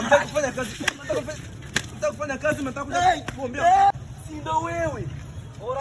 Tá casa, Mtaki kufanya kazi. Mtaki kufanya kazi, mtaki kuja meu, se não eu, hein?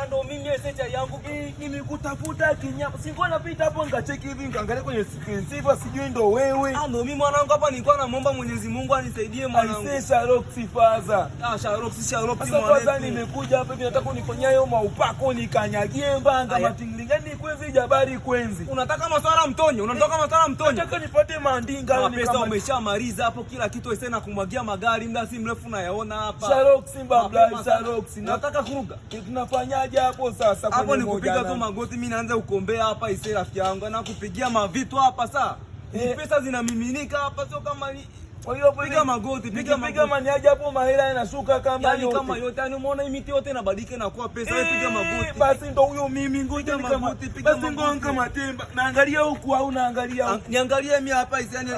ndo mimi secha yangu nimekutafuta kinyama, sikuwa napita hapo nikacheki hivi nikaangalia kwenye screen saver, sijui ndo wewe. Ah, ndo mimi mwanangu, hapa nilikuwa namuomba Mwenyezi Mungu anisaidie mwanangu. Ai, Sharok si faza. Ah, Sharok si Sharok mwanangu. Sasa nimekuja hapa hivi nataka unifanyia hiyo maupako nikanyagie mbanga matingilingani kwenzi jabari kwenzi. Unataka maswala mtonyo, unataka eh, maswala mtonyo. Nataka nipate maandinga hiyo ah, pesa umeshamaliza hapo kila kitu aisee na kumwagia magari muda si mrefu nayaona yaona hapa. Sharok Simba ah, Black Sharok. Nataka kuruga. Eh, tunafanyaje? Tumekuja hapo sasa, hapo nikupiga tu magoti mimi, naanza kukombea hapa. Ise rafiki yangu na kupigia mavitu hapa saa eh, pesa zinamiminika hapa, sio kama ni kwa hiyo piga magoti, piga piga mani aje hapo mahela yanashuka kama yani yote. Kama yote, yani umeona hii miti yote inabadilika na kuwa pesa, wewe piga eh, magoti. Basi ndo huyo mimi ngoja magoti, piga magoti. Basi ngoja kama temba. Naangalia huku au naangalia huku? Niangalie mimi hapa hizi yani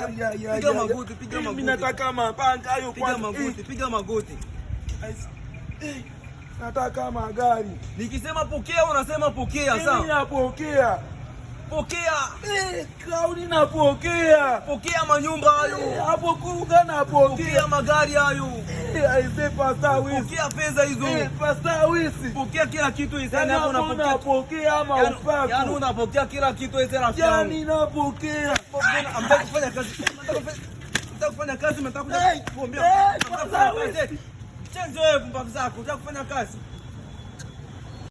piga magoti, piga magoti. Mimi nataka mapanga hayo kwa. Eh. Piga magoti, piga magoti. Eh nataka magari. Nikisema pokea, unasema pokea. Sawa, napokea. Pokea eh, kauli napokea. Pokea manyumba hayo hapo kuruka, napokea. Pokea magari hayo aise, wisi. Pokea pesa hizo wisi. Pokea kila kitu hizo, hapo Napokea ama upako, unapokea kila kitu hizo, napokea, ambaye kufanya kazi, kufanya kazi, kuombea Chenzo wewe pumbavu zako, unataka kufanya kazi